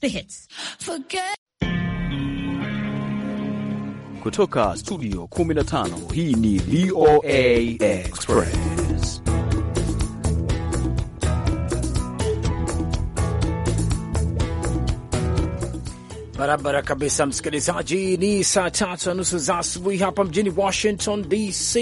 The Hits. Forget kutoka studio 15 hii ni VOA Express. Barabara kabisa, msikilizaji. Ni saa tatu na nusu za asubuhi hapa mjini Washington DC,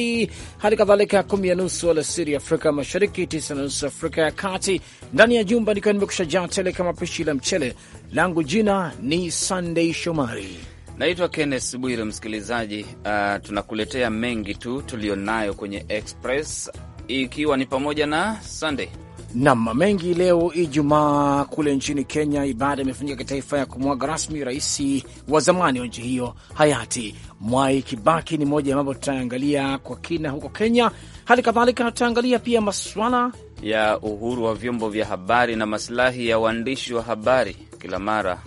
hali kadhalika kumi na nusu alasiri Afrika Mashariki, tisa na nusu Afrika ya Kati. Ndani ya jumba nikiwa nimekusha jaa tele kama pishi la mchele langu. Jina ni Sunday Shomari, naitwa Kenneth Bwire. Msikilizaji, uh, tunakuletea mengi tu tuliyonayo kwenye Express, ikiwa ni pamoja na Sunday Nam mengi leo Ijumaa kule nchini Kenya, ibada imefanyika kitaifa ya kumwaga rasmi rais wa zamani wa nchi hiyo hayati Mwai Kibaki. Ni moja ya mambo tutaangalia kwa kina huko Kenya. Hali kadhalika tutaangalia pia maswala ya uhuru wa vyombo vya habari na masilahi ya waandishi wa habari. Kila mara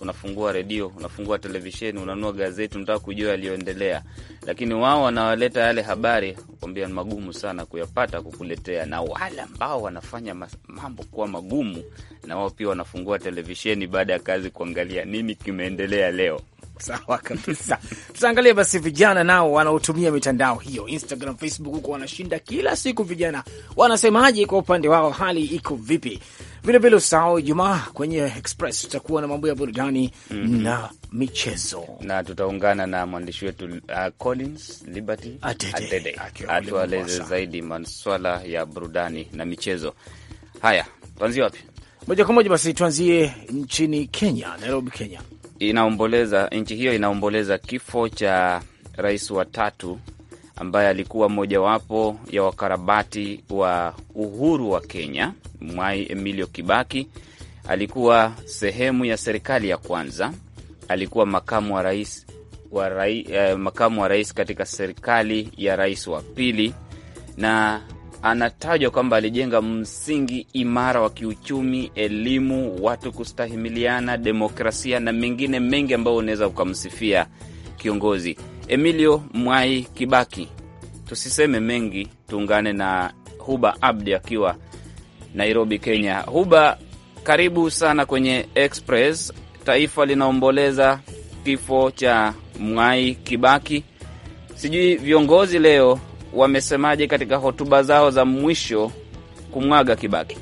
unafungua redio, unafungua televisheni, unanua gazeti, unataka kujua yaliyoendelea, lakini wao wanawaleta yale habari, kwambia ni magumu sana kuyapata, kukuletea. Na wale ambao wanafanya mambo kuwa magumu, na wao pia wanafungua televisheni baada ya kazi, kuangalia nini kimeendelea leo. Sawa kabisa. Tutaangalia basi vijana nao wanaotumia mitandao hiyo, Instagram, Facebook, huko wanashinda kila siku. Vijana wanasemaje? Kwa upande wao hali iko vipi? vilevile usahau Ijumaa kwenye Express tutakuwa na mambo ya burudani mm -hmm. na michezo na tutaungana na mwandishi wetu uh, Collins Liberty Adede atueleze zaidi maswala ya burudani na michezo. Haya, tuanzie wapi? Moja kwa moja basi tuanzie nchini Kenya, Nairobi, Kenya. Inaomboleza, nchi hiyo inaomboleza kifo cha rais wa tatu ambaye alikuwa mojawapo ya wakarabati wa uhuru wa Kenya Mwai Emilio Kibaki alikuwa sehemu ya serikali ya kwanza, alikuwa makamu wa rais, wa rai, eh, makamu wa rais katika serikali ya rais wa pili, na anatajwa kwamba alijenga msingi imara wa kiuchumi, elimu, watu kustahimiliana, demokrasia na mengine mengi ambayo unaweza ukamsifia kiongozi Emilio Mwai Kibaki. Tusiseme mengi, tuungane na Huba Abdi akiwa Nairobi, Kenya. Huba, karibu sana kwenye Express. Taifa linaomboleza kifo cha Mwai Kibaki. Sijui viongozi leo wamesemaje katika hotuba zao za mwisho kumwaga Kibaki.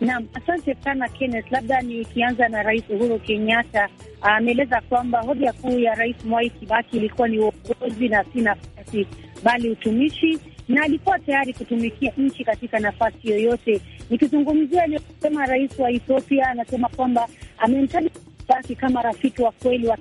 Naam, asante sana Kenneth. Labda nikianza na Rais Uhuru Kenyatta ameeleza kwamba hoja kuu ya Rais Mwai Kibaki ilikuwa ni uongozi na si nafasi, bali utumishi na alikuwa tayari kutumikia nchi katika nafasi yoyote. Nikizungumzia aliyosema rais wa Ethiopia, anasema kwamba amemtaja basi kama rafiki wa kweli wa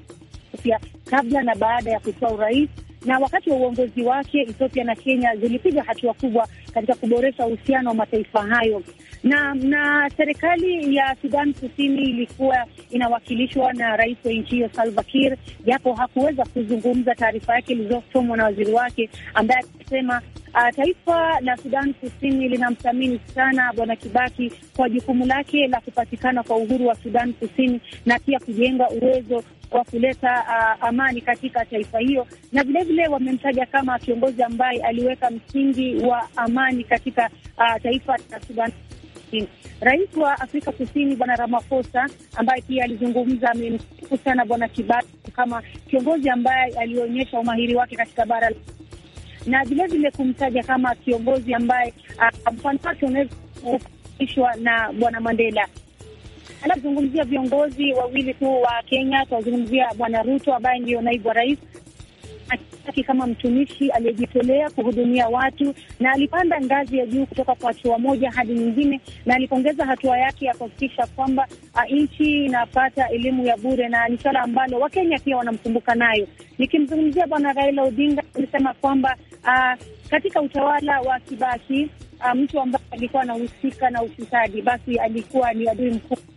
Ethiopia kabla na baada ya kutoa urais na wakati wa uongozi wake Ethiopia na Kenya zilipiga hatua kubwa katika kuboresha uhusiano wa mataifa hayo. Na na serikali ya Sudan Kusini ilikuwa inawakilishwa na rais wa nchi hiyo Salva Kiir, japo hakuweza kuzungumza. Taarifa yake ilizosomwa na waziri wake ambaye akisema Uh, taifa la Sudan Kusini linamthamini sana Bwana Kibaki kwa jukumu lake la kupatikana kwa uhuru wa Sudan Kusini na pia kujenga uwezo wa kuleta uh, amani katika taifa hiyo, na vilevile wamemtaja kama kiongozi ambaye aliweka msingi wa amani katika uh, taifa la Sudan Kusini. Rais wa Afrika Kusini Bwana Ramaphosa ambaye pia alizungumza, amemsifu sana Bwana Kibaki kama kiongozi ambaye alionyesha umahiri wake katika bara la na vilevile kumtaja kama kiongozi ambaye ah, mfano wake unaweza kuishwa na Bwana Mandela. Anazungumzia viongozi wawili tu wa Kenya, tuwazungumzia Bwana Ruto ambaye ndio naibu wa rais aki kama mtumishi aliyejitolea kuhudumia watu na alipanda ngazi ya juu kutoka kwa hatua moja hadi nyingine, na alipongeza hatua yake ya kuhakikisha kwamba nchi inapata elimu ya bure, na ni swala ambalo Wakenya pia wanamkumbuka nayo. Nikimzungumzia Bwana Raila Odinga, alisema kwamba katika utawala wa Kibaki mtu ambaye alikuwa anahusika na ufisadi basi alikuwa ni adui mkubwa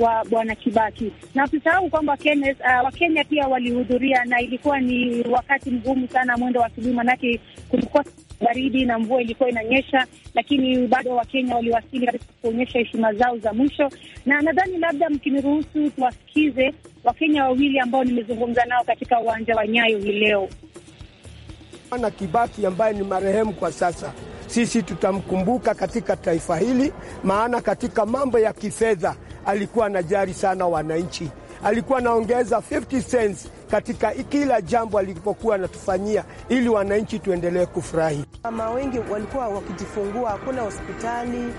wa bwana Kibaki. Na usisahau kwamba uh, Wakenya pia walihudhuria, na ilikuwa ni wakati mgumu sana mwendo wa asubuhi, manake kulikuwa baridi na mvua ilikuwa inanyesha, lakini bado Wakenya waliwasili katika kuonyesha heshima zao za mwisho, na nadhani labda mkiniruhusu tuwasikize Wakenya wawili ambao nimezungumza nao katika uwanja wa Nyayo hii leo. Bwana Kibaki ambaye ni marehemu kwa sasa, sisi tutamkumbuka katika taifa hili, maana katika mambo ya kifedha alikuwa anajali sana wananchi, alikuwa anaongeza 50 cents katika kila jambo alipokuwa anatufanyia ili wananchi tuendelee kufurahi. Mama wengi walikuwa wakijifungua, hakuna hospitali,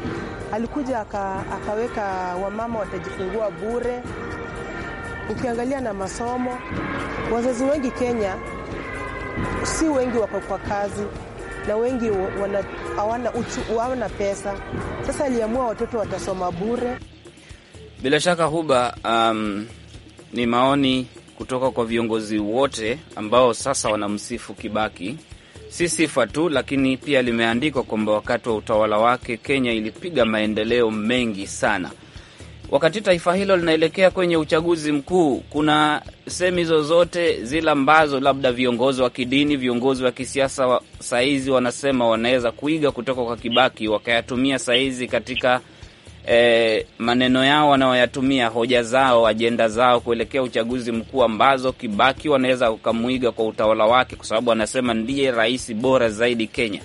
alikuja aka, akaweka wamama watajifungua bure. Ukiangalia na masomo, wazazi wengi Kenya si wengi wako kwa kazi na wengi hawana pesa. Sasa aliamua watoto watasoma bure. Bila shaka Huba, um, ni maoni kutoka kwa viongozi wote ambao sasa wanamsifu Kibaki, si sifa tu, lakini pia limeandikwa kwamba wakati wa utawala wake Kenya ilipiga maendeleo mengi sana. Wakati taifa hilo linaelekea kwenye uchaguzi mkuu, kuna semi zozote zile ambazo labda viongozi wa kidini, viongozi wa kisiasa wa saizi wanasema wanaweza kuiga kutoka kwa Kibaki wakayatumia saizi katika eh, maneno yao wanaoyatumia, hoja zao, ajenda zao kuelekea uchaguzi mkuu ambazo Kibaki wanaweza kukamwiga kwa utawala wake, kwa sababu anasema ndiye rais bora zaidi Kenya.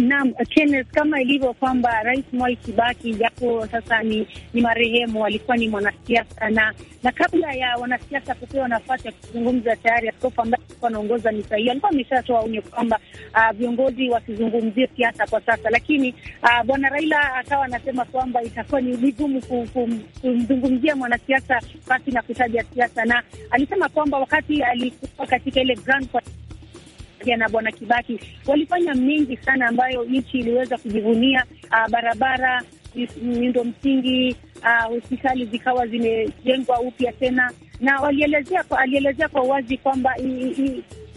Naam, Kenneth, kama ilivyo kwamba Rais Mwai Kibaki japo sasa ni, ni marehemu alikuwa ni mwanasiasa na na kabla ya wanasiasa kupewa nafasi ya kuzungumza, tayari askofu ambaye alikuwa anaongoza misa hiyo alikuwa ameshatoa onyo kwamba uh, viongozi wasizungumzie siasa kwa sasa, lakini uh, bwana Raila akawa anasema kwamba itakuwa ni vigumu kumzungumzia mwanasiasa basi na kutaja siasa, na alisema kwamba wakati alikuwa katika ile grand pia na bwana Kibaki walifanya mengi sana ambayo nchi iliweza kujivunia, uh, barabara, miundo msingi, ah, hospitali zikawa zimejengwa upya tena, na walielezea alielezea kwa uwazi kwamba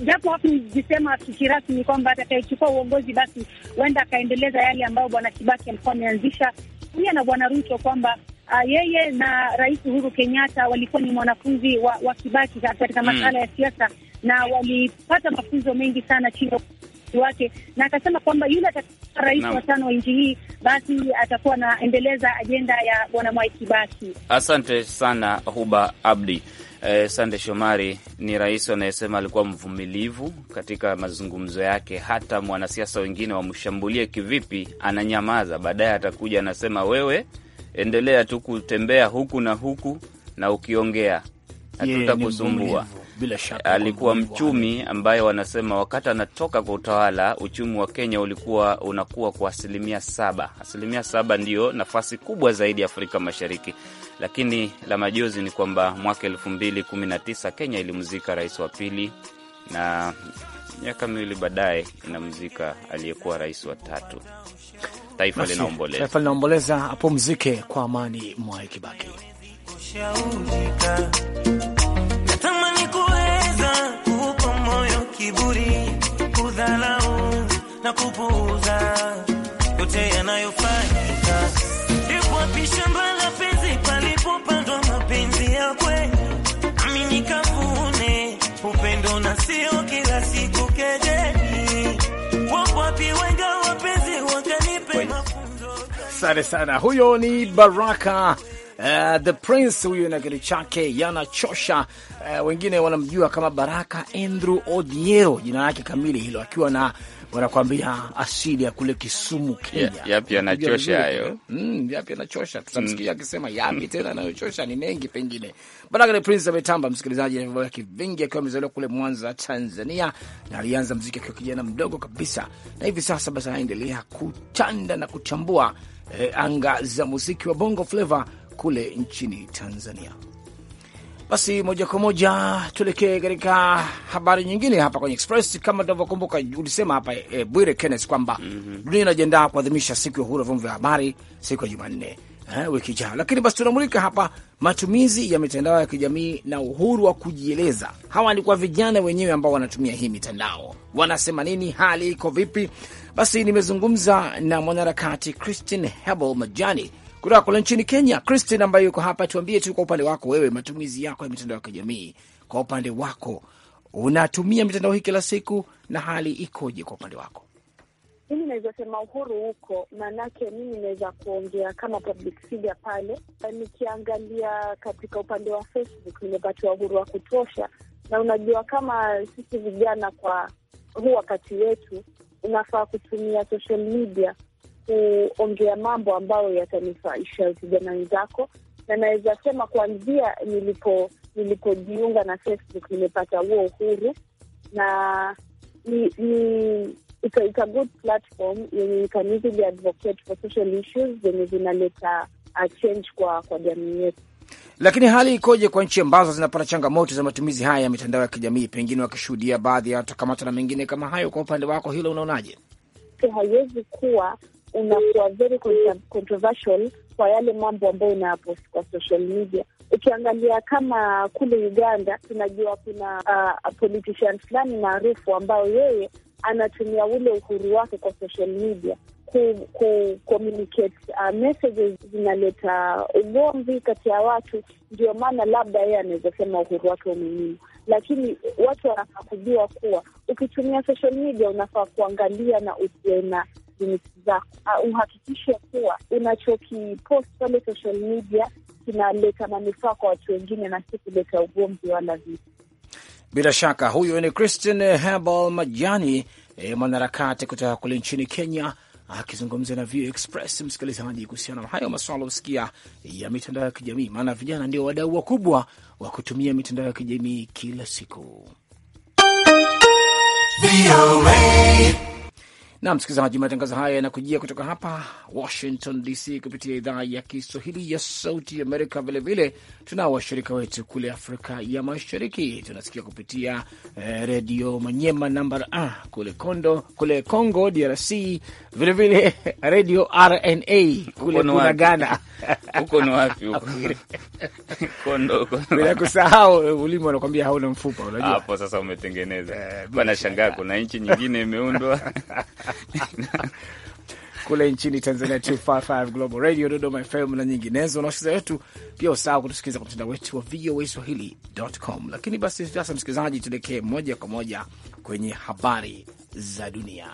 japo hakujisema afiki kwamba atakayechukua uongozi basi huenda akaendeleza yale ambayo bwana Kibaki alikuwa ameanzisha pia na bwana Ruto kwamba uh, yeye na Rais Uhuru Kenyatta walikuwa ni mwanafunzi wa, wa Kibaki katika hmm. masuala mm. ya siasa na walipata mafunzo mengi sana chini wake na akasema kwamba yule atakakuwa rais wa tano wa nchi hii basi atakuwa anaendeleza ajenda ya bwana Mwai Kibaki. Asante sana Huba Abdi. Eh, Sande Shomari ni rais anayesema alikuwa mvumilivu katika mazungumzo yake. Hata mwanasiasa wengine wamshambulie kivipi, ananyamaza. Baadaye atakuja anasema, wewe endelea tu kutembea huku na huku na ukiongea hatutakusumbua. Bila shaka alikuwa mchumi ambaye wanasema wakati anatoka kwa utawala, uchumi wa Kenya ulikuwa unakuwa kwa asilimia saba. Asilimia saba ndiyo nafasi kubwa zaidi ya Afrika Mashariki, lakini la majozi ni kwamba mwaka elfu mbili kumi na tisa Kenya ilimzika rais wa pili na miaka miwili baadaye inamzika aliyekuwa rais wa tatu. Taifa linaomboleza, taifa linaomboleza. Apumzike kwa amani Mwai Kibaki. kiburi, kudhalau na kupuuza yote yanayofanyika. Ndipo hapo la penzi palipopandwa mapenzi ya kweli. Nami nikafune upendo na sio kila siku kejeli. Wapo wapi wenga wapenzi wakanipe mafunzo. sante sana, huyo ni Baraka Eh, the Prince huyu na kitu chake yanachosha. Uh, wengine wanamjua kama Baraka Andrew Odiero, jina lake kamili hilo, akiwa na wanakwambia asili ya kule Kisumu, Kenya. Yapi yanachosha hayo? Eh? Mm, yapi yanachosha? Tutamsikia mm. akisema yapi mm. tena anayochosha ni mengi pengine. Baraka The Prince ametamba, msikilizaji, na vibao vyake vingi, akiwa amezaliwa kule Mwanza, Tanzania, na alianza muziki akiwa kijana mdogo kabisa, na hivi sasa basi anaendelea kutanda na kuchambua eh, anga za muziki wa Bongo Flava kule nchini Tanzania. Basi moja kwa moja tuelekee katika habari nyingine hapa kwenye Express. Kama tunavyokumbuka, ulisema hapa e, Bwire Kenneth kwamba mm -hmm. dunia inajiandaa kuadhimisha siku ya uhuru wa vyombo vya habari siku ya Jumanne eh, wiki ijayo, lakini basi tunamulika hapa matumizi ya mitandao ya kijamii na uhuru wa kujieleza. Hawa ni kwa vijana wenyewe ambao wanatumia hii mitandao, wanasema nini? Hali iko vipi? Basi nimezungumza na mwanaharakati Christine Hebel Majani kutoka kule nchini Kenya, Christine ambaye yuko hapa, tuambie tu kwa upande wako wewe, matumizi yako ya mitandao ya kijamii, kwa upande wako unatumia mitandao hii kila siku na hali ikoje kwa upande wako? Mimi naweza sema uhuru huko, maanake mimi naweza kuongea kama public figure pale. Nikiangalia katika upande wa Facebook nimepatiwa uhuru wa kutosha, na unajua kama sisi vijana kwa huu wakati wetu unafaa kutumia social media kuongea mambo ambayo yatanufaisha vijana wenzako, na naweza sema kuanzia nilipo nilipojiunga na Facebook nimepata huo uhuru na ni, ni it's a, it's a good platform yenye can advocate for social issues zenye zinaleta uh, change kwa kwa jamii yetu. Lakini hali ikoje kwa nchi ambazo zinapata changamoto za matumizi haya ya mitandao ya kijamii, pengine wakishuhudia baadhi ya watakamata na mengine kama hayo? Kwa upande wako hilo unaonaje? Haiwezi kuwa unakuwa very controversial kwa yale mambo ambayo unayapost kwa social media. Ukiangalia kama kule Uganda, tunajua kuna uh, politician fulani maarufu ambayo yeye anatumia ule uhuru wake kwa social media ku, ku communicate uh, messages zinaleta uh, ugomvi kati ya watu. Ndio maana labda yeye anaweza sema uhuru wake umenyimwa, lakini watu wanafaa kujua kuwa ukitumia social media unafaa kuangalia na usiena opportunity zako. Uh, uhakikishe kuwa unachokipost pale social media kinaleta manufaa kwa watu wengine na si kuleta ugomvi wala vitu. Bila shaka huyo ni Christian Hebel Majani, e, mwanaharakati kutoka kule nchini Kenya akizungumza na VOA Express msikilizaji kuhusiana na hayo maswala husikia ya mitandao ya kijamii, maana vijana ndio wadau wakubwa wa kutumia mitandao ya kijamii kila siku. Na msikilizaji, matangazo haya yanakujia kutoka hapa Washington DC kupitia idhaa ya Kiswahili ya Sauti Amerika. Vilevile tunao washirika wetu kule Afrika ya Mashariki, tunasikia kupitia eh, redio Manyema namba a kule Kondo, kule Congo DRC, vilevile redio RNA kule kuna Ghana. Huko ni wapi huko? bila kusahau eh, ulimi wanakwambia hauna mfupa, unajua hapo sasa umetengeneza. Eh, Bwana shangaa kuna nchi nyingine imeundwa kule nchini Tanzania 255 Global Radio, Dodoma FM na nyinginezo, na wasikiliza wetu pia usahau kutusikiliza kwa mtandao wetu wa VOA Swahili.com. Lakini basi sasa, msikilizaji, tuelekee moja kwa moja kwenye habari za dunia.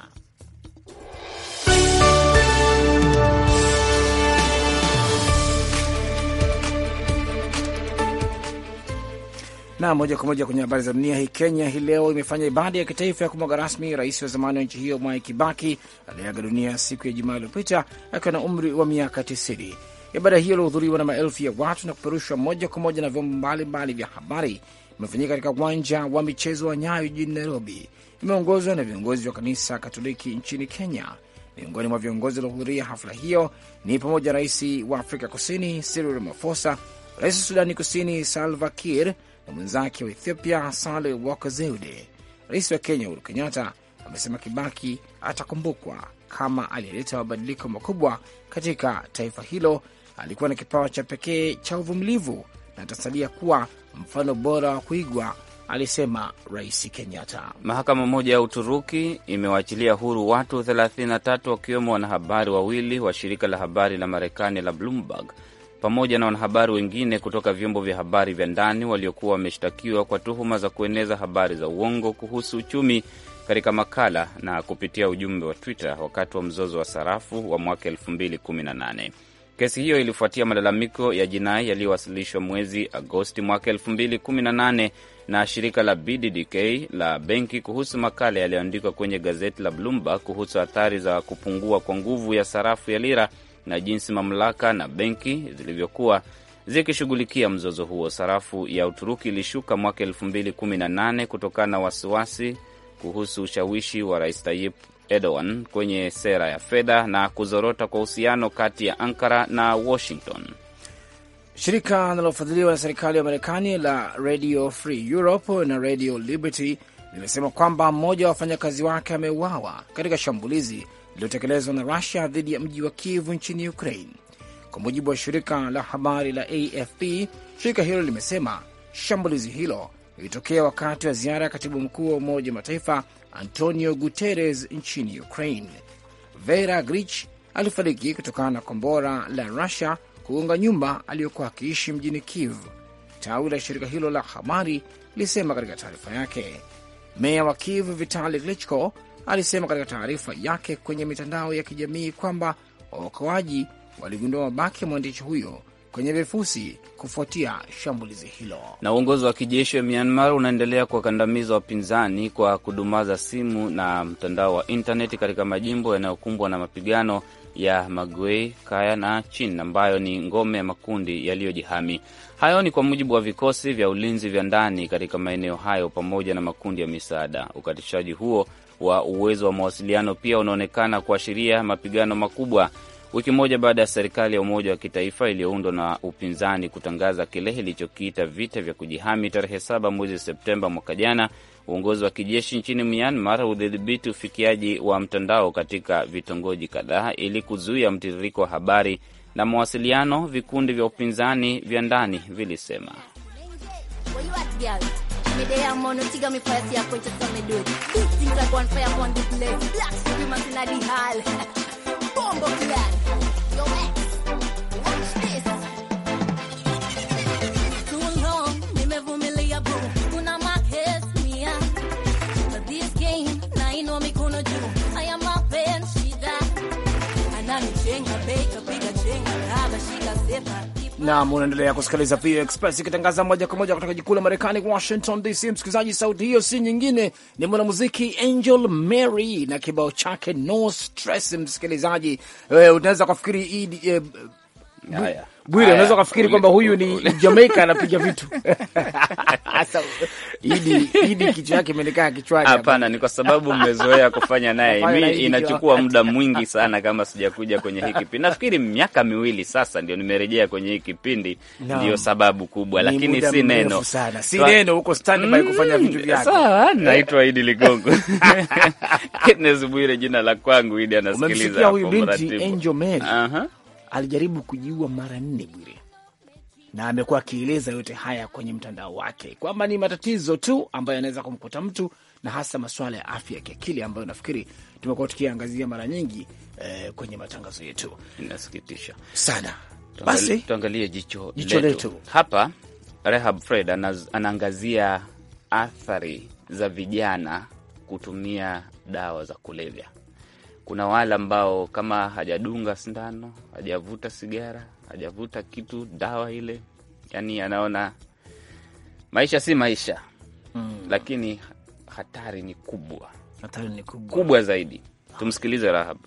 Na moja kwa moja kwenye habari za dunia hii, Kenya hii leo imefanya ibada ya kitaifa ya kumwaga rasmi rais wa zamani wa nchi hiyo Mwai Kibaki aliyeaga dunia siku ya Jumaa iliyopita akiwa na umri wa miaka 90. Ibada hiyo iliohudhuriwa na maelfu ya watu na kupeperushwa moja kwa moja na vyombo mbalimbali vya habari imefanyika katika uwanja wa michezo wa Nyayo jijini Nairobi. Imeongozwa na viongozi wa kanisa Katoliki nchini Kenya. Miongoni mwa viongozi waliohudhuria hafla hiyo ni pamoja na rais wa Afrika Kusini Cyril Ramaphosa, rais wa Sudani Kusini Salva Kiir na mwenzake wa Ethiopia Sale Waka Zeude. Rais wa Kenya Uhuru Kenyatta amesema Kibaki atakumbukwa kama aliyeleta mabadiliko makubwa katika taifa hilo. Alikuwa na kipawa cha pekee cha uvumilivu na atasalia kuwa mfano bora wa kuigwa, alisema Rais Kenyatta. Mahakama moja ya Uturuki imewaachilia huru watu 33 wakiwemo wanahabari wawili wa shirika la habari la Marekani la Bloomberg pamoja na wanahabari wengine kutoka vyombo vya habari vya ndani waliokuwa wameshtakiwa kwa tuhuma za kueneza habari za uongo kuhusu uchumi katika makala na kupitia ujumbe wa Twitter wakati wa mzozo wa sarafu wa mwaka 2018. Kesi hiyo ilifuatia malalamiko ya jinai yaliyowasilishwa mwezi Agosti mwaka 2018 na shirika la BDDK la benki kuhusu makala yaliyoandikwa kwenye gazeti la Bloomberg kuhusu athari za kupungua kwa nguvu ya sarafu ya lira na jinsi mamlaka na benki zilivyokuwa zikishughulikia mzozo huo. Sarafu ya Uturuki ilishuka mwaka 218 kutokana na wasiwasi kuhusu ushawishi wa Rais Tayyip Erdogan kwenye sera ya fedha na kuzorota kwa uhusiano kati ya Ankara na Washington. Shirika linalofadhiliwa na serikali ya Marekani la Radio Free Europe na Radio Liberty limesema kwamba mmoja wa wafanyakazi wake ameuawa katika shambulizi iliyotekelezwa na Rusia dhidi ya mji wa Kiev nchini Ukraine. Kwa mujibu wa shirika la habari la AFP, shirika hilo limesema shambulizi hilo lilitokea wakati wa ziara ya katibu mkuu wa Umoja wa Mataifa Antonio Guterres nchini Ukraine. Vera Grich alifariki kutokana na kombora la Rusia kugonga nyumba aliyokuwa akiishi mjini Kiev. Tawi la shirika hilo la habari lilisema katika taarifa yake. Meya wa Kiev Vitali Klitschko alisema katika taarifa yake kwenye mitandao ya kijamii kwamba waokoaji waligundua mabaki ya mwandishi huyo kwenye vifusi kufuatia shambulizi hilo. Na uongozi wa kijeshi wa Myanmar unaendelea kuwakandamiza wapinzani kwa kudumaza simu na mtandao wa intaneti katika majimbo yanayokumbwa na mapigano ya Magwei, Kaya na Chin ambayo ni ngome ya makundi yaliyojihami. Hayo ni kwa mujibu wa vikosi vya ulinzi vya ndani katika maeneo hayo pamoja na makundi ya misaada. Ukatishaji huo wa uwezo wa mawasiliano pia unaonekana kuashiria mapigano makubwa wiki moja baada ya serikali ya umoja wa kitaifa iliyoundwa na upinzani kutangaza kile ilichokiita vita vya kujihami tarehe 7 mwezi Septemba mwaka jana Uongozi wa kijeshi nchini Myanmar hudhibiti ufikiaji wa mtandao katika vitongoji kadhaa ili kuzuia mtiririko wa habari na mawasiliano, vikundi vya upinzani vya ndani vilisema. Nam, unaendelea kusikiliza VOA Express ikitangaza moja kwa moja kutoka jiji kuu la Marekani, Washington DC. Msikilizaji, sauti hiyo si nyingine, ni mwanamuziki Angel Mary na kibao chake no stress. Msikilizaji, unaweza kufikiri eh, Bwire, unaweza kufikiri kwamba huyu ni Jamaica anapiga vitu Idi, Idi kichwa yake imenekaa kichwani. Hapana, ni kwa sababu mmezoea kufanya naye. Mimi inachukua muda mwingi sana kama sijakuja kwenye hiki kipindi. Nafikiri miaka miwili sasa ndio nimerejea kwenye hiki kipindi, ndio sababu kubwa, lakini si neno sana, si neno huko standby mm, kufanya vitu vyake. Sawa, naitwa Idi Ligongo. Kenneth Bwire jina la kwangu. Idi anasikiliza hapo mratibu. Angel Mary. Aha alijaribu kujiua mara nne Bwire, na amekuwa akieleza yote haya kwenye mtandao wake kwamba ni matatizo tu ambayo yanaweza kumkuta mtu na hasa masuala ya afya ya kiakili ambayo nafikiri tumekuwa tukiangazia mara nyingi eh, kwenye matangazo yetu. Inasikitisha sana. Basi tuangalie jicho, jicho letu hapa. Rehab Fred anaangazia athari za vijana kutumia dawa za kulevya kuna wale ambao kama hajadunga sindano, hajavuta sigara, hajavuta kitu dawa ile, yani anaona maisha si maisha mm. Lakini hatari ni kubwa, hatari ni kubwa, kubwa zaidi. Tumsikilize Rahab.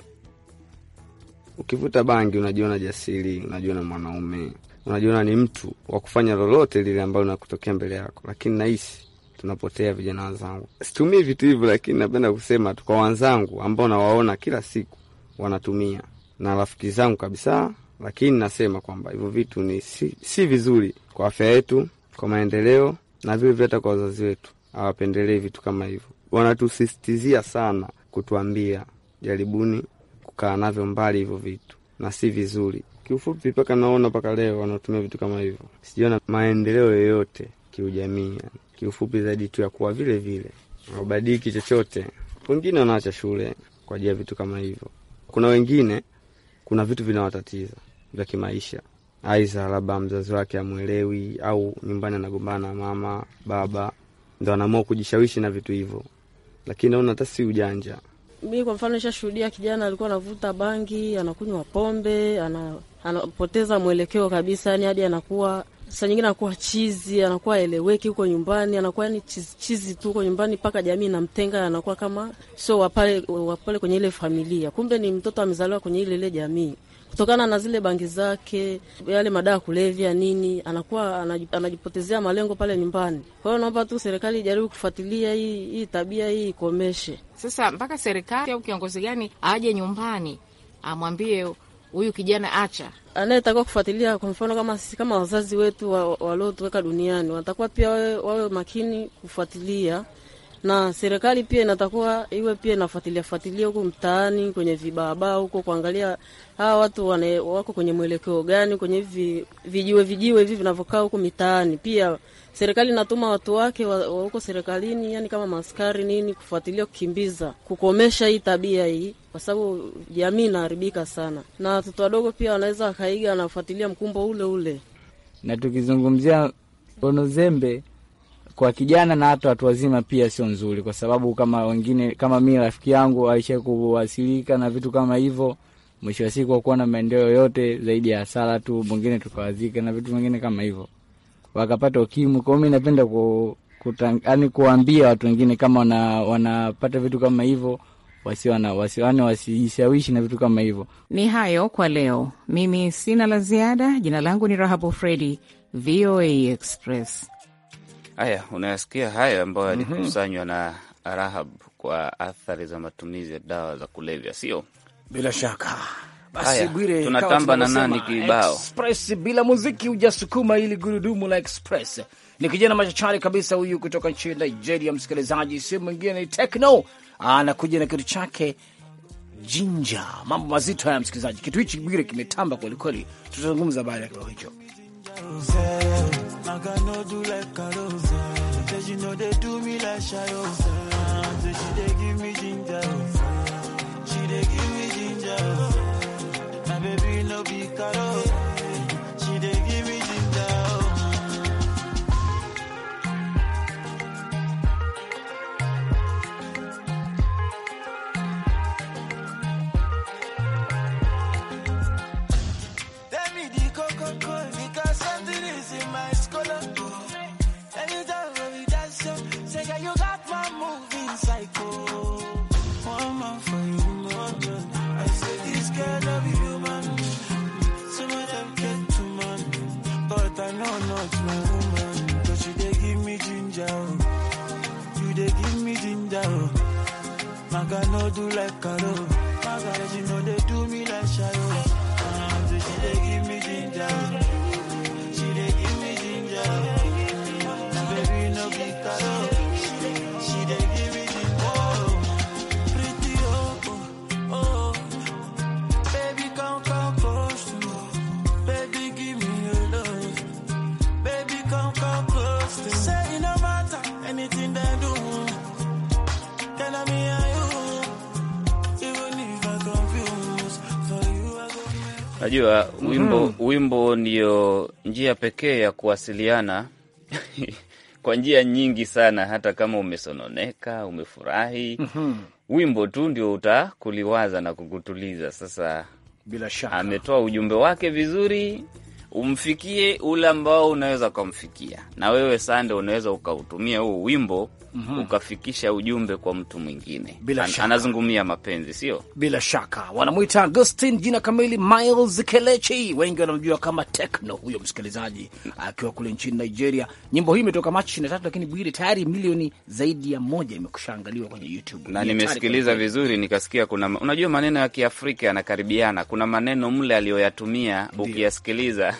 Ukivuta bangi unajiona jasiri, unajiona mwanaume, unajiona ni mtu wa kufanya lolote lile ambalo nakutokea mbele yako, lakini nahisi tunapotea vijana wenzangu. Situmii vitu hivyo, lakini napenda kusema tu kwa wenzangu ambao nawaona kila siku wanatumia na rafiki zangu kabisa, lakini nasema kwamba hivyo vitu ni si, si vizuri kwa afya yetu, kwa maendeleo na vile vilevile hata kwa wazazi wetu. Hawapendelei vitu kama hivyo, wanatusisitizia sana kutuambia, jaribuni kukaa navyo mbali hivyo vitu, na si vizuri kiufupi. Mpaka naona mpaka leo wanatumia vitu kama hivyo, sijaona maendeleo yoyote kiujamii yani kiufupi zaidi tu ya kuwa vile vile, wabadiki chochote. Wengine wanaacha shule kwa ajili ya vitu kama hivyo. Kuna wengine, kuna vitu vinawatatiza vya kimaisha, aidha labda mzazi wake amwelewi, au nyumbani anagombana na mama baba, ndo anaamua kujishawishi na vitu hivyo, lakini naona hata si ujanja. Mi kwa mfano nishashuhudia kijana alikuwa anavuta bangi, anakunywa pombe, anapoteza ana mwelekeo kabisa, yani hadi anakuwa saa nyingine anakuwa chizi, anakuwa aeleweki huko nyumbani, anakuwa yani chizi, chizi tu huko nyumbani, mpaka jamii inamtenga, anakuwa kama sio wapale, wapale kwenye ile familia, kumbe ni mtoto amezaliwa kwenye ile ile jamii kutokana na zile bangi zake, yale madawa ya kulevya nini, anakuwa anajipotezea malengo pale nyumbani. Kwa hiyo naomba tu serikali ijaribu kufuatilia hii hii tabia hii ikomeshe. Sasa mpaka serikali au kiongozi gani aje nyumbani amwambie huyu kijana acha anayetakiwa kufuatilia. Kwa mfano kama sisi kama wazazi wetu waliotuweka duniani watakuwa pia wawe, wawe makini kufuatilia, na serikali pia inatakuwa iwe pia inafuatilia fuatilia huko mtaani, kwenye vibaabaa huko, kuangalia hawa watu wane, wako kwenye mwelekeo gani, kwenye hivi vijiwe vijiwe hivi vinavyokaa huko mitaani. Pia serikali inatuma watu wake wa, huko serikalini, yani kama maskari nini, kufuatilia, kukimbiza, kukomesha hii tabia hii kwa sababu jamii inaharibika sana, na watoto wadogo pia wanaweza wakaiga wanafuatilia mkumbo ule ule. Na tukizungumzia onozembe kwa kijana na hata watu wazima pia sio nzuri, kwa sababu kama wengine kama mi rafiki yangu aisha kuwasilika na vitu kama hivyo, mwisho wa siku hakuwa na maendeleo yoyote zaidi ya hasara tu, mwingine tukawazika na vitu vingine kama hivyo, wakapata ukimwi. Kwa hiyo mimi napenda ku, kutan, yani kuambia watu wengine kama wana, wanapata vitu kama hivyo wasiwana wasiwana wasijishawishi na vitu kama hivyo. Ni hayo kwa leo, mimi sina la ziada. Jina langu ni Rahabu Fredi, VOA Express. Haya, unayasikia hayo ambayo mhm. yalikusanywa mm -hmm. na Rahab kwa athari za matumizi ya dawa za kulevya, sio bila shaka basi Bwire, tunatamba na nani kibao Express bila muziki hujasukuma ili gurudumu la Express. Ni kijana machachari kabisa huyu kutoka nchini Nigeria, msikilizaji, sehemu mwingine ni Tekno Ah, anakuja na kitu chake jinja. Mambo mazito haya, msikilizaji, kitu hichi Bwire kimetamba kwelikweli. Tutazungumza baada ya kibao hicho. Unajua wimbo mm -hmm. Wimbo ndiyo njia pekee ya kuwasiliana kwa njia nyingi sana, hata kama umesononeka, umefurahi mm -hmm. Wimbo tu ndio utakuliwaza na kukutuliza. Sasa bila shaka ametoa ujumbe wake vizuri, umfikie ule ambao unaweza ukamfikia, na wewe Sande unaweza ukautumia huu wimbo mm -hmm. ukafikisha ujumbe kwa mtu mwingine An, anazungumia mapenzi, sio bila shaka. Wanamwita Agustin jina kamili Miles Kelechi, wengi wanamjua kama Tekno huyo msikilizaji, akiwa kule nchini Nigeria. Nyimbo hii imetoka Machi 23 lakini Bwire, tayari milioni zaidi ya moja imekushaangaliwa kwenye YouTube na nimesikiliza vizuri nikasikia kuna, unajua maneno ya Kiafrika yanakaribiana, kuna maneno mle aliyoyatumia ukiyasikiliza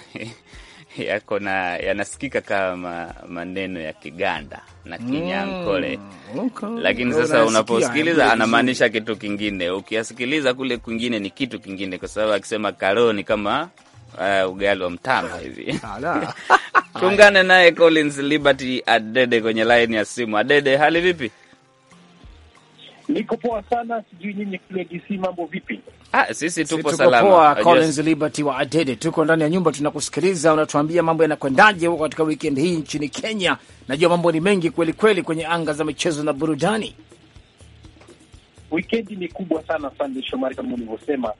yako na yanasikika kama maneno ya Kiganda na mm. Kinyankole mm, okay. Lakini sasa unaposikiliza anamaanisha kitu kingine, ukiasikiliza kule kwingine ni kitu kingine, kwa sababu akisema karoni kama uh, ugali wa mtama hivi tuungane naye Collins Liberty Adede kwenye laini ya simu. Adede, hali vipi? Niko poa sana, sijui nyinyi kule Kisii mambo vipi? Ah, sisi tupo salama. Collins Liberty wa Adede, tuko ndani ya nyumba tunakusikiliza, unatuambia mambo yanakwendaje huko katika weekend hii nchini Kenya. Najua mambo ni mengi kweli kweli kwenye anga za michezo na burudani. Weekend ni kubwa sana, Sande Shomari, kama ulivyosema,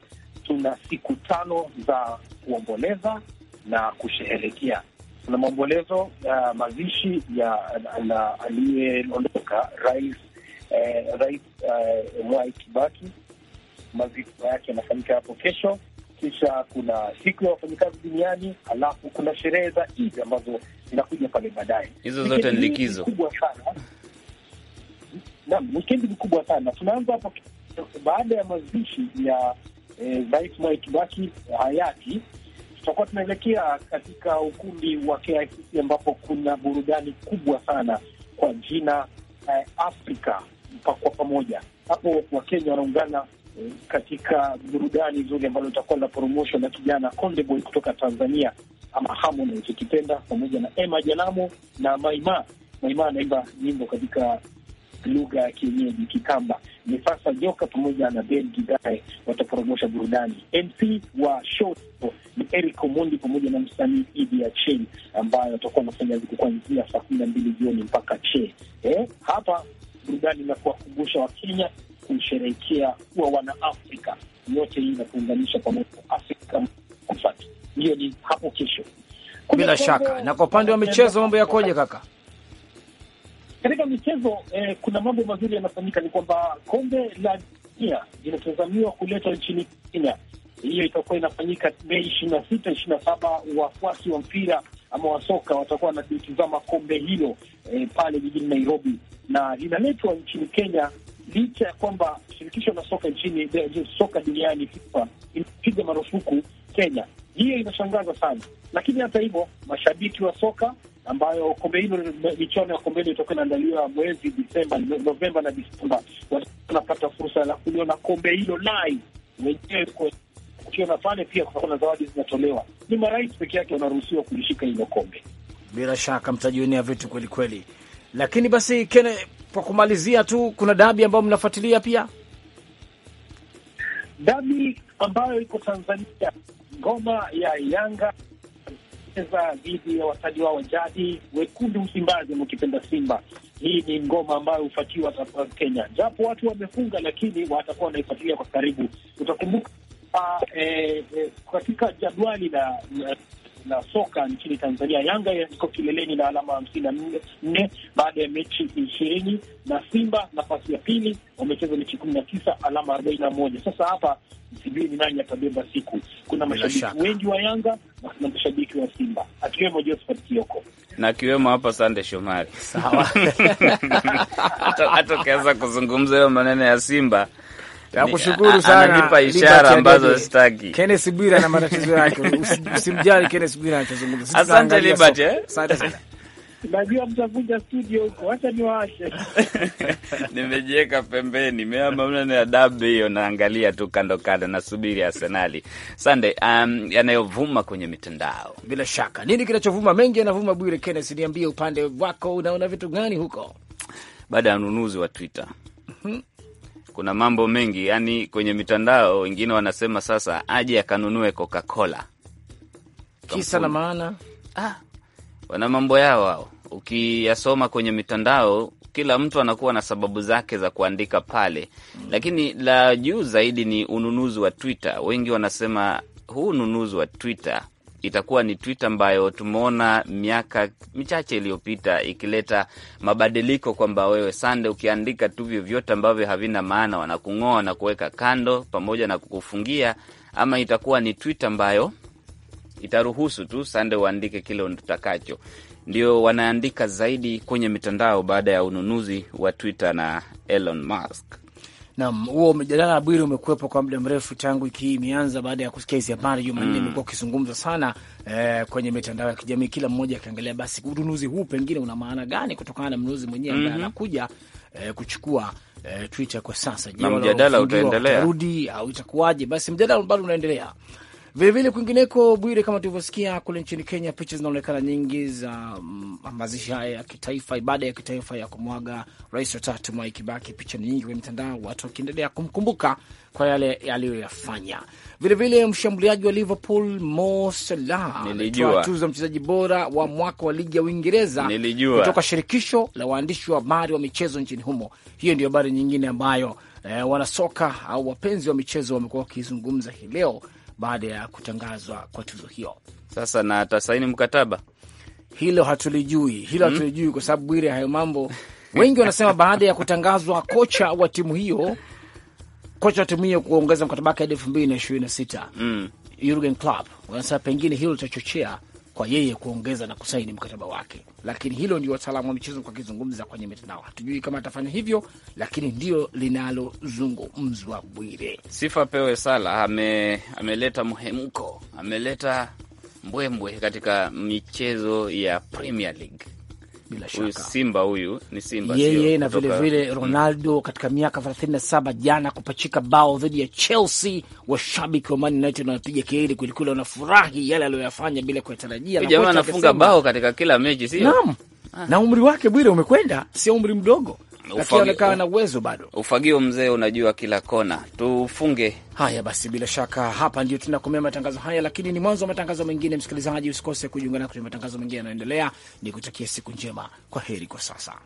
tuna siku tano za kuomboleza na kusherehekea. Tuna maombolezo ya uh, mazishi ya aliyeondoka rais eh, rais eh, Mwai Kibaki maziko yake yanafanyika hapo kesho. Kisha kuna siku ya wafanyakazi duniani, alafu kuna sherehe za Idi ambazo zinakuja pale baadaye. Hizo zote ni likizo kubwa sana. Naam, wikendi ni kubwa sana. Tunaanza hapo baada ya mazishi ya eh, Rais Mwai Kibaki hayati, tutakuwa tunaelekea katika ukumbi wa KICC ambapo kuna burudani kubwa sana kwa jina eh, Afrika kwa pamoja. Hapo Wakenya wanaungana katika burudani zuri ambalo litakuwa la promotion na kijana Konde Boy kutoka Tanzania ama Harmonize ukipenda, pamoja na Emma Jalamo na Maima. Maima anaimba nyimbo katika lugha ya kienyeji Kikamba. Ni sasa Joka pamoja na Ben Gidae watapromosha burudani. MC wa show ni Eric Omondi pamoja na msanii Idi Ache ambayo watakuwa wanafanya ziku kuanzia saa kumi na mbili jioni mpaka che eh, hapa burudani na Wakenya kusherehekea kuwa wana Afrika. yote hii inakuunganisha pamoja Afrika kufati. Hiyo ni hapo kesho, bila shaka. Na kwa upande wa michezo mambo yakoje kaka? Katika michezo eh, kuna mambo mazuri yanafanyika. Ni kwamba kombe la dunia linatazamiwa kuletwa nchini Kenya. Hiyo itakuwa inafanyika Mei ishirini na sita ishirini na saba. Wafuasi wa mpira ama wasoka watakuwa wanalitizama kombe hilo eh, pale jijini Nairobi, na linaletwa nchini Kenya licha ya kwamba shirikisho la soka nchini, eh, soka duniani FIFA inapiga marufuku Kenya. Hiyo inashangaza sana, lakini hata hivyo mashabiki wa soka ambayo kombe hilo michuano ya kombe hilo itakuwa inaandaliwa mwezi Disemba, Novemba na Disemba, wanapata fursa la kuliona kombe hilo lai wenyewe. Ukiona pale pia kutakuwa na zawadi zinatolewa, ni marais peke yake wanaruhusiwa kulishika hilo kombe. Bila shaka mtajionea vitu kwelikweli lakini basi kene kwa kumalizia tu, kuna dabi ambayo mnafuatilia pia? Dabi ambayo iko Tanzania, ngoma ya Yanga za dhidi ya wasaji wao wajadi jadi wekundu Msimbazi, mkipenda Simba. Hii ni ngoma ambayo hufuatiwa Kenya, japo watu wamefunga, lakini watakuwa wanaifuatilia kwa karibu. Utakumbuka uh, eh, eh, katika jadwali la la soka nchini Tanzania, Yanga iko kileleni na alama hamsini na nne baada ya mechi ishirini na Simba nafasi ya pili, wamecheza mechi kumi na tisa alama arobaini na moja Sasa hapa sijui ni nani atabeba siku. Kuna mashabiki wengi wa Yanga na kuna mashabiki wa Simba akiwemo Josephat Kioko na akiwemo hapa Sande Shomari. Sawa, hata kuzungumza hiyo maneno ya Simba Nakushukuru sana. Ananipa ishara ambazo sitaki. Kenneth Bwira na matatizo yake. Usimjali Kenneth Bwira anachozungumza. Asante Liberty. Asante sana. Najua mtakuja studio huko, acha niwashe. Nimejiweka pembeni, meama mna adabu hiyo, naangalia tu kando kando, nasubiri Arsenali Sunday. Um, yanayovuma kwenye mitandao, bila shaka nini kinachovuma? Mengi yanavuma. Bwire Kenneth, niambie upande wako, unaona vitu gani huko baada ya ununuzi wa Twitter? mm kuna mambo mengi yani kwenye mitandao. Wengine wanasema sasa aje akanunue Coca-Cola, kisa na maana ah, wana mambo yao hao. Ukiyasoma kwenye mitandao, kila mtu anakuwa na sababu zake za kuandika pale mm. Lakini la juu zaidi ni ununuzi wa Twitter. Wengi wanasema huu ununuzi wa Twitter itakuwa ni Twitter ambayo tumeona miaka michache iliyopita ikileta mabadiliko kwamba wewe Sande, ukiandika tu vyovyote ambavyo havina maana, wanakung'oa na kuweka kando pamoja na kukufungia, ama itakuwa ni Twitter ambayo itaruhusu tu Sande uandike kile utakacho. Ndio wanaandika zaidi kwenye mitandao baada ya ununuzi wa Twitter na Elon Musk. Naam, huo mjadala Bwiri umekuwepo kwa muda mrefu tangu wiki hii imeanza, baada ya kusikia hizi habari Jumanne mm. imekuwa mm. ukizungumza sana eh, kwenye mitandao ya kijamii, kila mmoja akiangalia basi ununuzi huu pengine una maana gani kutokana na mnunuzi mwenyewe ambaye mm -hmm. anakuja eh, kuchukua eh, Twitter kwa sasa. Je, mjadala utaendelea, utarudi au itakuwaje? Basi mjadala bado unaendelea. Vilevile kwingineko, Bwire, kama tulivyosikia kule nchini Kenya, picha zinaonekana nyingi za um, mazishi haya ya kitaifa, ibada ya kitaifa ya kumwaga rais wa tatu Mwai Kibaki. Picha ni nyingi kwenye mitandao, watu wakiendelea kumkumbuka kwa yale aliyoyafanya. Vilevile mshambuliaji wa Liverpool Mo Salah tuzo mchezaji bora wa mwaka wa ligi ya Uingereza kutoka shirikisho la waandishi wa habari wa michezo nchini humo. Hiyo ndio habari nyingine ambayo eh, wanasoka au wapenzi wa michezo wamekuwa wakizungumza hii leo baada ya kutangazwa kwa tuzo hiyo. Sasa na atasaini mkataba, hilo hatulijui, hilo hmm, hatulijui kwa sababu Bwire, hayo mambo wengi wanasema baada ya kutangazwa kocha wa timu hiyo kocha wa timu hiyo kuongeza mkataba wake hadi elfu mbili na ishirini na sita hmm. Jurgen Klopp wanasema pengine hilo litachochea kwa yeye kuongeza na kusaini mkataba wake, lakini hilo ndio wataalamu wa michezo wakizungumza kwenye mitandao. Hatujui kama atafanya hivyo, lakini ndio linalozungumzwa. Bwire Sifa Pewe Sala ame, ameleta mhemko, ameleta mbwembwe katika michezo ya Premier League bila shaka simba huyu ni simba yeye, na vilevile mm. Ronaldo mm. katika miaka 37 jana kupachika bao dhidi ya Chelsea, washabiki wa Man United wanapiga kelele kwelikweli, wanafurahi yale aliyoyafanya bila kuyatarajia. Jamaa anafunga bao katika kila mechi, sio naam, ah. na umri wake Bwire umekwenda, sio umri mdogo akionekana na uwezo bado. Ufagio mzee, unajua kila kona. Tufunge haya basi, bila shaka hapa ndio tunakomea matangazo haya, lakini ni mwanzo wa matangazo mengine. Msikilizaji, usikose kujiungana kwenye matangazo mengine yanayoendelea. Ni kutakia siku njema, kwa heri kwa sasa.